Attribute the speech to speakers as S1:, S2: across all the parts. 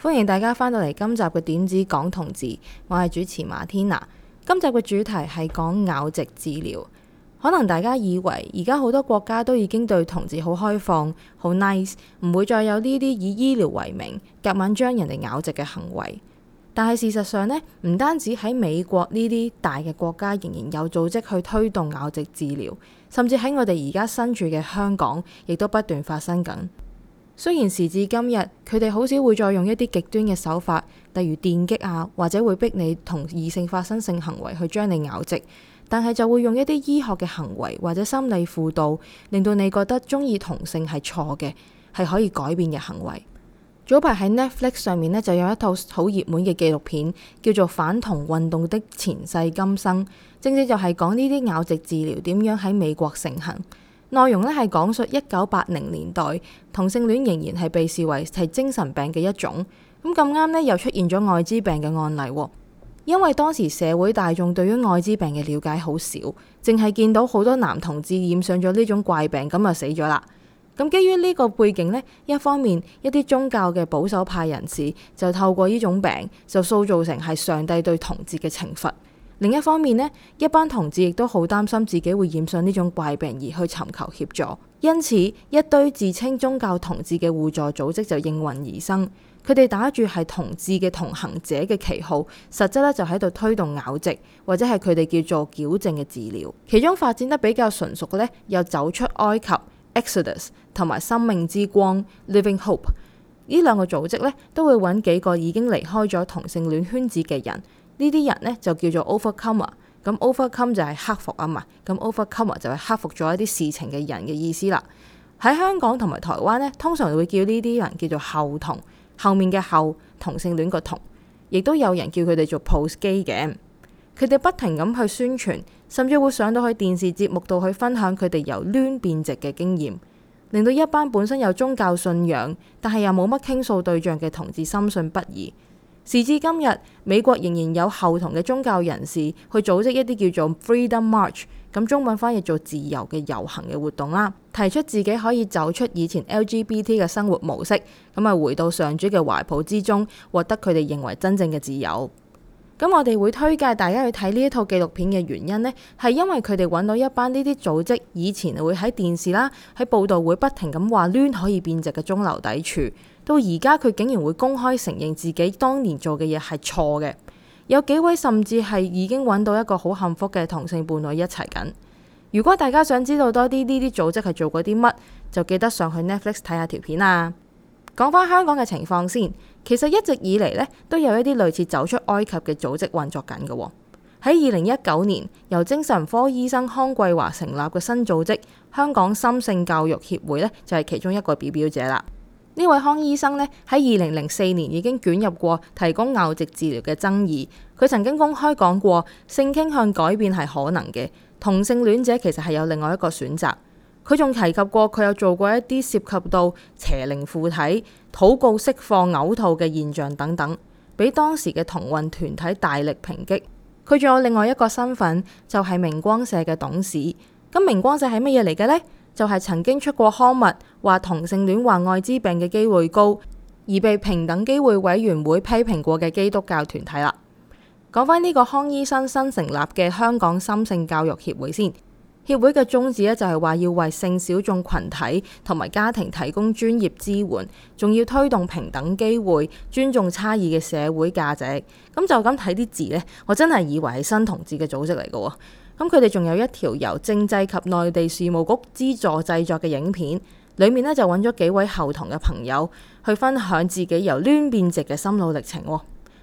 S1: 歡迎大家翻到嚟今集嘅點子講同志，我係主持馬天娜。今集嘅主題係講拗直治療。可能大家以為而家好多國家都已經對同志好開放、好 nice，唔會再有呢啲以醫療為名夾硬將人哋拗直嘅行為。但係事實上呢，唔單止喺美國呢啲大嘅國家，仍然有組織去推動拗直治療，甚至喺我哋而家身處嘅香港，亦都不斷發生緊。雖然時至今日，佢哋好少會再用一啲極端嘅手法，例如電擊啊，或者會逼你同異性發生性行為去將你拗直，但係就會用一啲醫學嘅行為或者心理輔導，令到你覺得中意同性係錯嘅，係可以改變嘅行為。早排喺 Netflix 上面呢，就有一套好熱門嘅紀錄片，叫做《反同運動的前世今生》，正正就係講呢啲拗直治療點樣喺美國盛行。內容咧係講述一九八零年代同性戀仍然係被視為係精神病嘅一種，咁咁啱呢，又出現咗愛滋病嘅案例，因為當時社會大眾對於愛滋病嘅了解好少，淨係見到好多男同志染上咗呢種怪病，咁啊死咗啦。咁基於呢個背景呢，一方面一啲宗教嘅保守派人士就透過呢種病就塑造成係上帝對同志嘅懲罰。另一方面咧，一班同志亦都好擔心自己會染上呢種怪病而去尋求協助，因此一堆自稱宗教同志嘅互助組織就應運而生。佢哋打住係同志嘅同行者嘅旗號，實質咧就喺度推動拗直或者係佢哋叫做矯正嘅治療。其中發展得比較純熟嘅咧，有走出埃及 Exodus 同埋生命之光 Living Hope 呢兩個組織咧，都會揾幾個已經離開咗同性戀圈子嘅人。呢啲人呢，就叫做 overcomer，咁 overcome 就係克服啊嘛，咁 overcomer 就係克服咗一啲事情嘅人嘅意思啦。喺香港同埋台灣呢，通常會叫呢啲人叫做後同，後面嘅後，同性戀個同，亦都有人叫佢哋做 post-gay 嘅。佢哋不停咁去宣傳，甚至會上到去電視節目度去分享佢哋由攣變直嘅經驗，令到一班本身有宗教信仰但係又冇乜傾訴對象嘅同志深信不疑。時至今日，美國仍然有後同嘅宗教人士去組織一啲叫做 Freedom March，咁中文翻譯做自由嘅遊行嘅活動啦，提出自己可以走出以前 LGBT 嘅生活模式，咁啊回到上主嘅懷抱之中，獲得佢哋認為真正嘅自由。咁我哋會推介大家去睇呢一套紀錄片嘅原因呢，係因為佢哋揾到一班呢啲組織以前會喺電視啦、喺報道會不停咁話攣可以變直嘅中流砥柱。到而家，佢竟然會公開承認自己當年做嘅嘢係錯嘅。有幾位甚至係已經揾到一個好幸福嘅同性伴侶一齊緊。如果大家想知道多啲呢啲組織係做過啲乜，就記得上去 Netflix 睇下條片啊。講翻香港嘅情況先，其實一直以嚟呢，都有一啲類似走出埃及嘅組織運作緊嘅喎。喺二零一九年，由精神科醫生康貴華成立嘅新組織香港心性教育協會呢，就係其中一個表表者啦。呢位康醫生呢，喺二零零四年已經捲入過提供拗直治療嘅爭議。佢曾經公開講過性傾向改變係可能嘅，同性戀者其實係有另外一個選擇。佢仲提及過佢有做過一啲涉及到邪靈附體、禱告釋放嘔吐嘅現象等等，俾當時嘅同運團體大力抨擊。佢仲有另外一個身份就係、是、明光社嘅董事。咁明光社係乜嘢嚟嘅呢？就係曾經出過刊物，話同性戀患艾滋病嘅機會高，而被平等機會委員會批評過嘅基督教團體啦。講翻呢個康醫生新成立嘅香港心性教育協會先，協會嘅宗旨咧就係話要為性小眾群體同埋家庭提供專業支援，仲要推動平等機會、尊重差異嘅社會價值。咁就咁睇啲字呢，我真係以為係新同志嘅組織嚟嘅。咁佢哋仲有一條由政制及內地事務局資助製作嘅影片，裏面呢就揾咗幾位後同嘅朋友去分享自己由攣變直嘅心路歷程喎。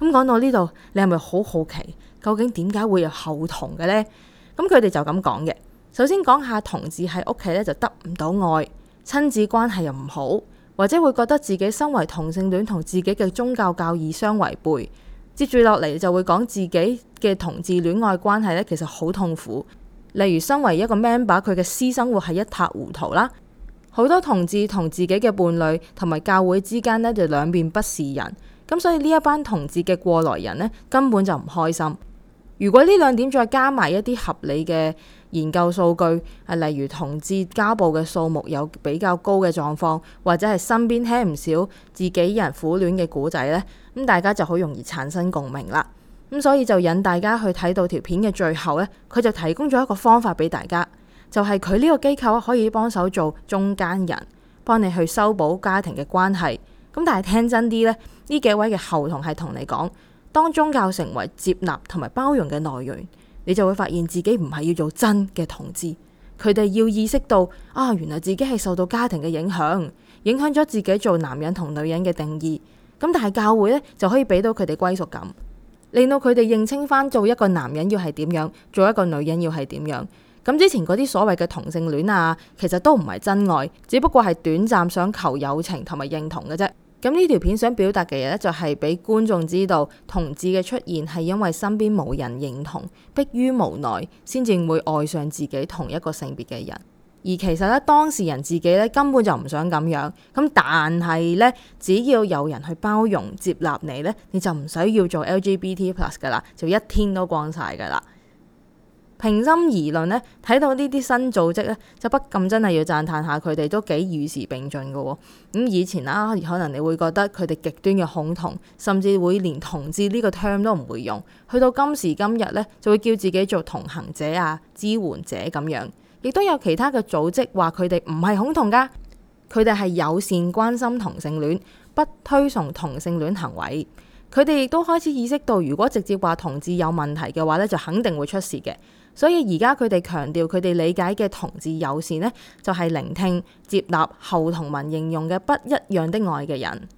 S1: 咁講到呢度，你係咪好好奇究竟點解會有後同嘅呢？咁佢哋就咁講嘅。首先講下同志喺屋企咧就得唔到愛，親子關係又唔好，或者會覺得自己身為同性戀同自己嘅宗教教義相違背。接住落嚟就會講自己嘅同志戀愛關係咧，其實好痛苦。例如身為一個 member，佢嘅私生活係一塌糊塗啦。好多同志同自己嘅伴侶同埋教會之間咧，就兩邊不是人。咁所以呢一班同志嘅過來人咧，根本就唔開心。如果呢兩點再加埋一啲合理嘅，研究數據，誒例如同志家暴嘅數目有比較高嘅狀況，或者係身邊聽唔少自己人苦戀嘅古仔呢，咁大家就好容易產生共鳴啦。咁所以就引大家去睇到條片嘅最後呢，佢就提供咗一個方法俾大家，就係佢呢個機構可以幫手做中間人，幫你去修補家庭嘅關係。咁但係聽真啲呢，呢幾位嘅喉同係同你講，當宗教成為接納同埋包容嘅內容。你就會發現自己唔係要做真嘅同志，佢哋要意識到啊，原來自己係受到家庭嘅影響，影響咗自己做男人同女人嘅定義。咁但係教會咧就可以俾到佢哋歸屬感，令到佢哋認清返做一個男人要係點樣，做一個女人要係點樣。咁之前嗰啲所謂嘅同性戀啊，其實都唔係真愛，只不過係短暫想求友情同埋認同嘅啫。咁呢條片想表達嘅嘢咧，就係、是、俾觀眾知道，同志嘅出現係因為身邊冇人認同，迫於無奈先至會愛上自己同一個性別嘅人。而其實咧，當事人自己咧根本就唔想咁樣。咁但係咧，只要有人去包容接納你咧，你就唔使要做 LGBT plus 噶啦，就一天都光晒噶啦。平心而論呢，睇到呢啲新組織呢，就不禁真係要讚歎下佢哋都幾與時並進嘅喎。咁、嗯、以前啦，可能你會覺得佢哋極端嘅恐同，甚至會連同志呢個 term 都唔會用。去到今時今日呢，就會叫自己做同行者啊、支援者咁樣。亦都有其他嘅組織話佢哋唔係恐同㗎，佢哋係友善關心同性戀，不推崇同性戀行為。佢哋亦都開始意識到，如果直接話同志有問題嘅話呢，就肯定會出事嘅。所以而家佢哋強調佢哋理解嘅同志友善呢，就係聆聽接納，後同盟形容嘅不一樣的愛嘅人。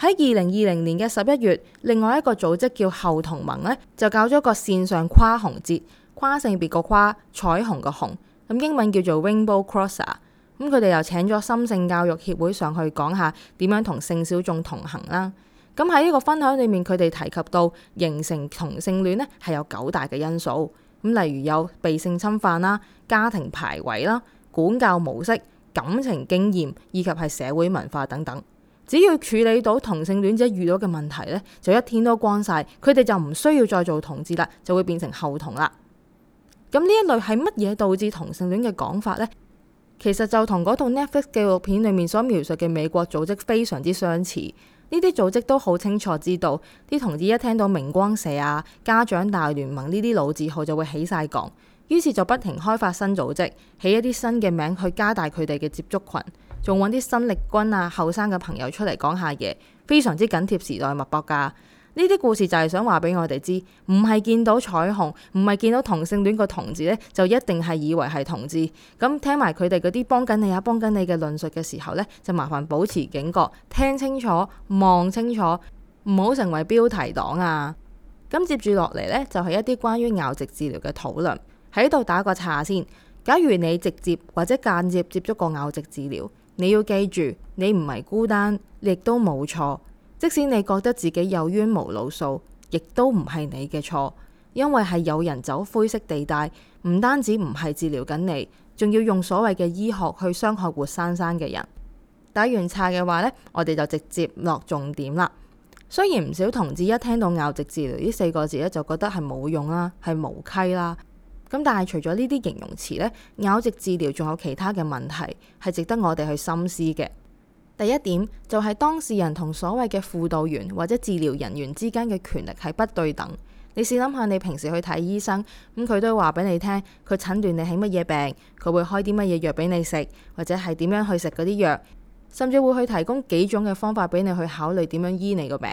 S1: 喺二零二零年嘅十一月，另外一個組織叫後同盟呢，就搞咗個線上跨虹節，跨性別個跨，彩虹個虹。英文叫做 Rainbow Crosser。咁佢哋又請咗心性教育協會上去講下點樣同性小眾同行啦。咁喺呢個分享裏面，佢哋提及到形成同性戀呢，係有九大嘅因素。咁例如有被性侵犯啦、家庭排位啦、管教模式、感情經驗，以及係社會文化等等。只要處理到同性戀者遇到嘅問題咧，就一天都光晒，佢哋就唔需要再做同志啦，就會變成後同啦。咁呢一類係乜嘢導致同性戀嘅講法咧？其實就同嗰套 Netflix 紀錄片裡面所描述嘅美國組織非常之相似。呢啲組織都好清楚知道，啲同志一聽到明光社啊、家長大聯盟呢啲老字號就會起晒槓，於是就不停開發新組織，起一啲新嘅名去加大佢哋嘅接觸群，仲揾啲新力軍啊、後生嘅朋友出嚟講下嘢，非常之緊貼時代脈搏㗎。呢啲故事就係想話俾我哋知，唔係見到彩虹，唔係見到同性戀個同字呢，就一定係以為係同志。咁聽埋佢哋嗰啲幫緊你啊幫緊你嘅論述嘅時候呢，就麻煩保持警覺，聽清楚，望清楚，唔好成為標題黨啊！咁接住落嚟呢，就係一啲關於拗直治療嘅討論，喺度打個岔先。假如你直接或者間接接觸過拗直治療，你要記住，你唔係孤單，亦都冇錯。即使你覺得自己有冤無路訴，亦都唔係你嘅錯，因為係有人走灰色地帶，唔單止唔係治療緊你，仲要用所謂嘅醫學去傷害活生生嘅人。打完岔嘅話呢，我哋就直接落重點啦。雖然唔少同志一聽到拗直治療呢四個字咧，就覺得係冇用啦，係無稽啦。咁但係除咗呢啲形容詞呢，拗直治療仲有其他嘅問題係值得我哋去深思嘅。第一點就係當事人同所謂嘅輔導員或者治療人員之間嘅權力係不對等。你試諗下，你平時去睇醫生，咁佢都話俾你聽，佢診斷你係乜嘢病，佢會開啲乜嘢藥俾你食，或者係點樣去食嗰啲藥，甚至會去提供幾種嘅方法俾你去考慮點樣醫你個病。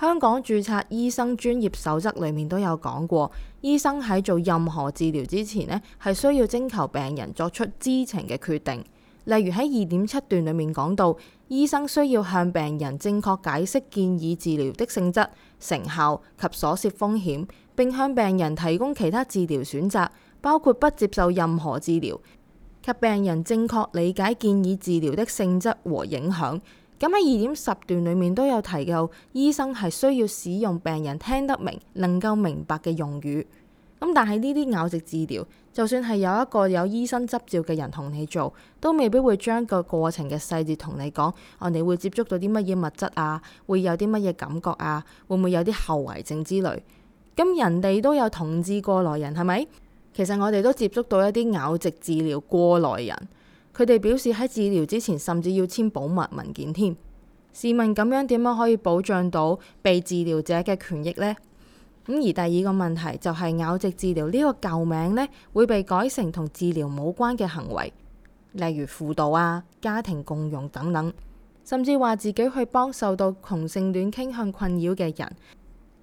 S1: 香港註冊醫生專業守則裏面都有講過，醫生喺做任何治療之前呢，係需要徵求病人作出知情嘅決定。例如喺二點七段裡面講到，醫生需要向病人正確解釋建議治療的性質、成效及所涉風險，並向病人提供其他治療選擇，包括不接受任何治療，及病人正確理解建議治療的性質和影響。咁喺二點十段裡面都有提到，醫生係需要使用病人聽得明、能夠明白嘅用語。咁但係呢啲拗直治療，就算係有一個有醫生執照嘅人同你做，都未必會將個過程嘅細節同你講。你會接觸到啲乜嘢物質啊？會有啲乜嘢感覺啊？會唔會有啲後遺症之類？咁人哋都有同志過來人係咪？其實我哋都接觸到一啲拗直治療過來人，佢哋表示喺治療之前甚至要簽保密文件添。試問咁樣點樣可以保障到被治療者嘅權益咧？咁而第二個問題就係、是、拗直治療呢個舊名呢，會被改成同治療冇關嘅行為，例如輔導啊、家庭共融等等，甚至話自己去幫受到同性戀傾向困擾嘅人。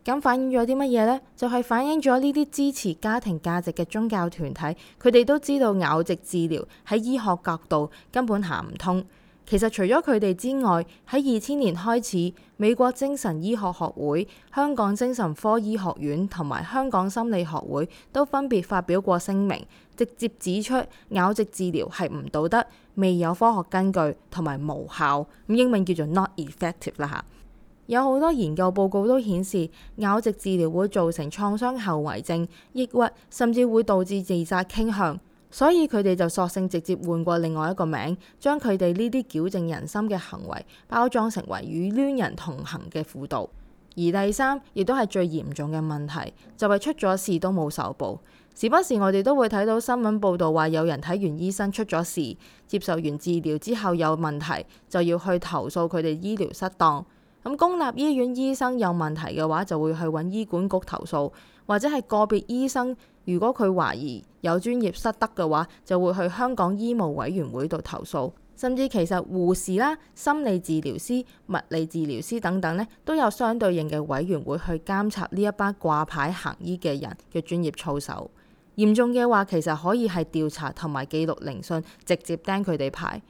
S1: 咁反映咗啲乜嘢呢？就係、是、反映咗呢啲支持家庭價值嘅宗教團體，佢哋都知道拗直治療喺醫學角度根本行唔通。其實除咗佢哋之外，喺二千年開始，美國精神醫學學會、香港精神科醫學院同埋香港心理學會都分別發表過聲明，直接指出拗直治療係唔道德、未有科學根據同埋無效。英文叫做 not effective 啦嚇。有好多研究報告都顯示，拗直治療會造成創傷後遺症、抑鬱，甚至會導致自殺傾向。所以佢哋就索性直接換過另外一個名，將佢哋呢啲矯正人心嘅行為包裝成為與攣人同行嘅輔導。而第三亦都係最嚴重嘅問題，就係、是、出咗事都冇受報，時不時我哋都會睇到新聞報道話有人睇完醫生出咗事，接受完治療之後有問題，就要去投訴佢哋醫療失當。咁公立醫院醫生有問題嘅話，就會去揾醫管局投訴；或者係個別醫生，如果佢懷疑有專業失德嘅話，就會去香港醫務委員會度投訴。甚至其實護士啦、心理治療師、物理治療師等等呢，都有相對應嘅委員會去監察呢一班掛牌行醫嘅人嘅專業操守。嚴重嘅話，其實可以係調查同埋記錄聆訊，直接釘佢哋牌。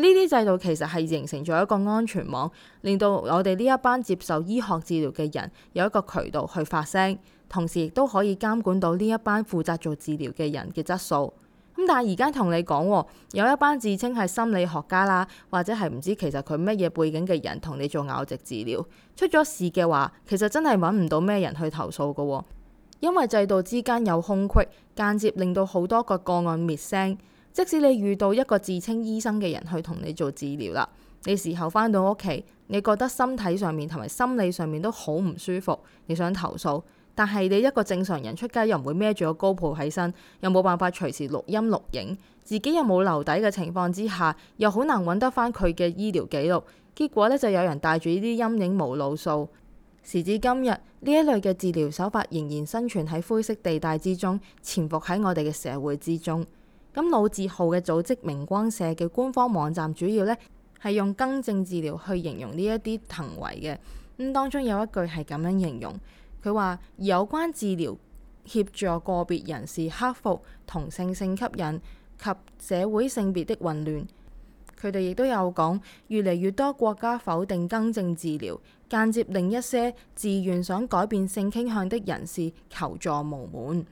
S1: 呢啲制度其實係形成咗一個安全網，令到我哋呢一班接受醫學治療嘅人有一個渠道去發聲，同時亦都可以監管到呢一班負責做治療嘅人嘅質素。咁但係而家同你講喎，有一班自稱係心理學家啦，或者係唔知其實佢乜嘢背景嘅人同你做拗直治療，出咗事嘅話，其實真係揾唔到咩人去投訴㗎喎，因為制度之間有空隙，間接令到好多個個案滅聲。即使你遇到一個自稱醫生嘅人去同你做治療啦，你事後翻到屋企，你覺得身體上面同埋心理上面都好唔舒服，你想投訴，但係你一個正常人出街又唔會孭住個 GoPro 喺身，又冇辦法隨時錄音錄影，自己又冇留底嘅情況之下，又好難揾得翻佢嘅醫療記錄。結果咧就有人帶住呢啲陰影無路訴，時至今日呢一類嘅治療手法仍然生存喺灰色地帶之中，潛伏喺我哋嘅社會之中。咁老字號嘅組織明光社嘅官方網站主要呢，係用更正治療去形容呢一啲行為嘅，咁當中有一句係咁樣形容，佢話有關治療協助個別人士克服同性性吸引及社會性別的混亂。佢哋亦都有講，越嚟越多國家否定更正治療，間接令一些自願想改變性傾向的人士求助無門。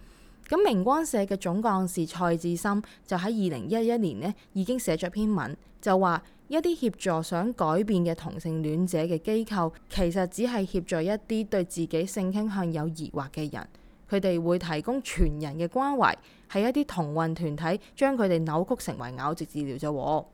S1: 咁明光社嘅總幹事蔡志深就喺二零一一年咧，已經寫咗篇文，就話一啲協助想改變嘅同性戀者嘅機構，其實只係協助一啲對自己性傾向有疑惑嘅人，佢哋會提供全人嘅關懷，係一啲同運團體將佢哋扭曲成為拗直治療啫。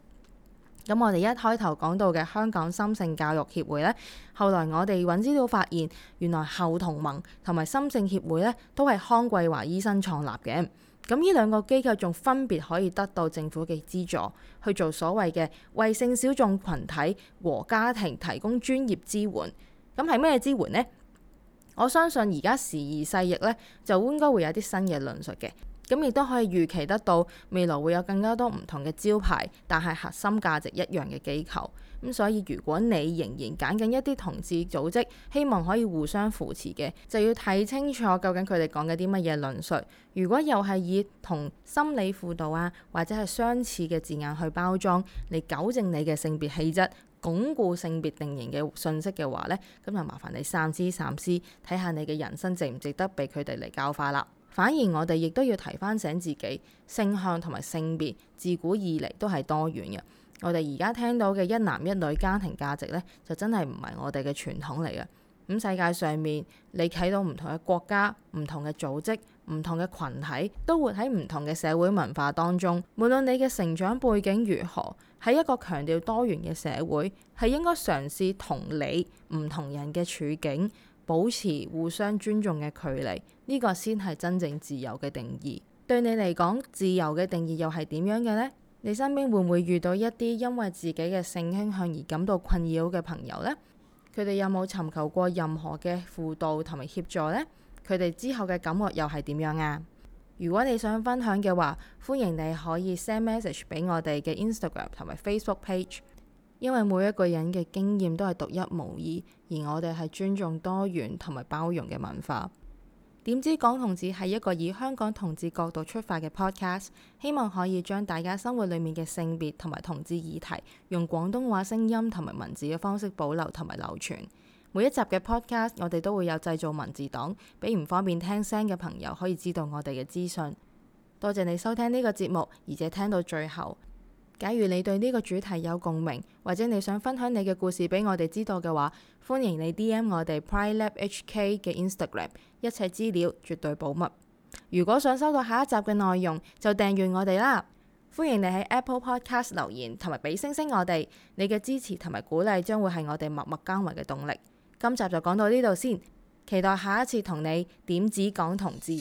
S1: 咁我哋一開頭講到嘅香港心性教育協會呢，後來我哋揾資料發現，原來後同盟同埋心性協會呢，都係康貴華醫生創立嘅。咁呢兩個機構仲分別可以得到政府嘅資助去做所謂嘅為性小眾群體和家庭提供專業支援。咁係咩支援呢？我相信而家時移世易呢，就應該會有啲新嘅論述嘅。咁亦都可以預期得到未來會有更加多唔同嘅招牌，但係核心價值一樣嘅機構。咁所以如果你仍然揀緊一啲同志組織，希望可以互相扶持嘅，就要睇清楚究竟佢哋講嘅啲乜嘢論述。如果又係以同心理輔導啊，或者係相似嘅字眼去包裝，嚟糾正你嘅性別氣質，鞏固性別定型嘅信息嘅話咧，咁就麻煩你三思三思，睇下你嘅人生值唔值得被佢哋嚟教化啦。反而我哋亦都要提翻醒自己，性向同埋性別自古以嚟都係多元嘅。我哋而家聽到嘅一男一女家庭價值咧，就真係唔係我哋嘅傳統嚟嘅。咁世界上面，你睇到唔同嘅國家、唔同嘅組織、唔同嘅群體，都活喺唔同嘅社會文化當中。無論你嘅成長背景如何，喺一個強調多元嘅社會，係應該嘗試同理唔同人嘅處境。保持互相尊重嘅距離，呢個先係真正自由嘅定義。對你嚟講，自由嘅定義又係點樣嘅呢？你身邊會唔會遇到一啲因為自己嘅性傾向而感到困擾嘅朋友呢？佢哋有冇尋求過任何嘅輔導同埋協助呢？佢哋之後嘅感覺又係點樣啊？如果你想分享嘅話，歡迎你可以 send message 俾我哋嘅 Instagram 同埋 Facebook page。因為每一個人嘅經驗都係獨一無二，而我哋係尊重多元同埋包容嘅文化。點知港同志係一個以香港同志角度出發嘅 podcast，希望可以將大家生活裡面嘅性別同埋同志議題，用廣東話聲音同埋文字嘅方式保留同埋流傳。每一集嘅 podcast，我哋都會有製造文字檔，俾唔方便聽聲嘅朋友可以知道我哋嘅資訊。多謝你收聽呢個節目，而且聽到最後。假如你對呢個主題有共鳴，或者你想分享你嘅故事俾我哋知道嘅話，歡迎你 DM 我哋 Prylab HK 嘅 Instagram。一切資料絕對保密。如果想收到下一集嘅內容，就訂閱我哋啦。歡迎你喺 Apple Podcast 留言同埋俾星星我哋，你嘅支持同埋鼓勵將會係我哋默默耕耘嘅動力。今集就講到呢度先，期待下一次同你點指講同志。